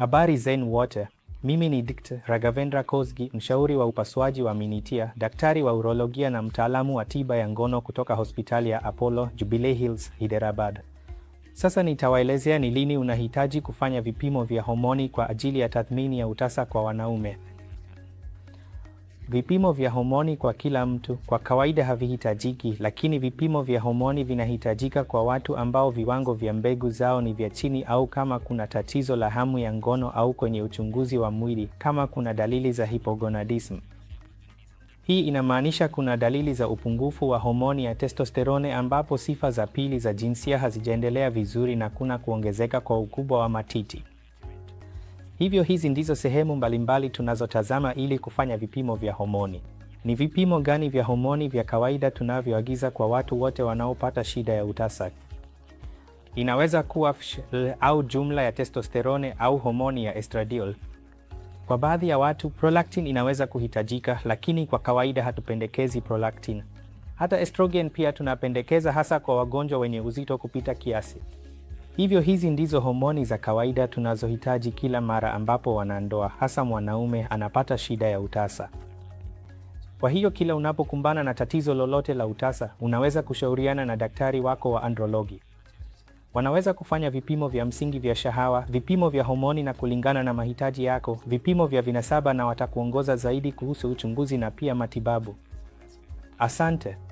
Habari zenu wote, mimi ni Dkt. Raghavendra Kosgi, mshauri wa upasuaji wa minitia, daktari wa urologia na mtaalamu wa tiba ya ngono kutoka hospitali ya Apollo Jubilee Hills, Hyderabad. Sasa nitawaelezea ni lini unahitaji kufanya vipimo vya homoni kwa ajili ya tathmini ya utasa kwa wanaume. Vipimo vya homoni kwa kila mtu kwa kawaida havihitajiki, lakini vipimo vya homoni vinahitajika kwa watu ambao viwango vya mbegu zao ni vya chini au kama kuna tatizo la hamu ya ngono au kwenye uchunguzi wa mwili kama kuna dalili za hypogonadism. Hii inamaanisha kuna dalili za upungufu wa homoni ya testosterone ambapo sifa za pili za jinsia hazijaendelea vizuri na kuna kuongezeka kwa ukubwa wa matiti. Hivyo hizi ndizo sehemu mbalimbali tunazotazama ili kufanya vipimo vya homoni. Ni vipimo gani vya homoni vya kawaida tunavyoagiza kwa watu wote wanaopata shida ya utasa? Inaweza kuwa FSH au jumla ya testosterone au homoni ya estradiol. Kwa baadhi ya watu prolactin inaweza kuhitajika, lakini kwa kawaida hatupendekezi prolactin. Hata estrogen pia tunapendekeza, hasa kwa wagonjwa wenye uzito kupita kiasi. Hivyo hizi ndizo homoni za kawaida tunazohitaji kila mara ambapo wanandoa, hasa mwanaume, anapata shida ya utasa. Kwa hiyo kila unapokumbana na tatizo lolote la utasa, unaweza kushauriana na daktari wako wa andrologi. Wanaweza kufanya vipimo vya msingi vya shahawa, vipimo vya homoni na kulingana na mahitaji yako, vipimo vya vinasaba na watakuongoza zaidi kuhusu uchunguzi na pia matibabu. Asante.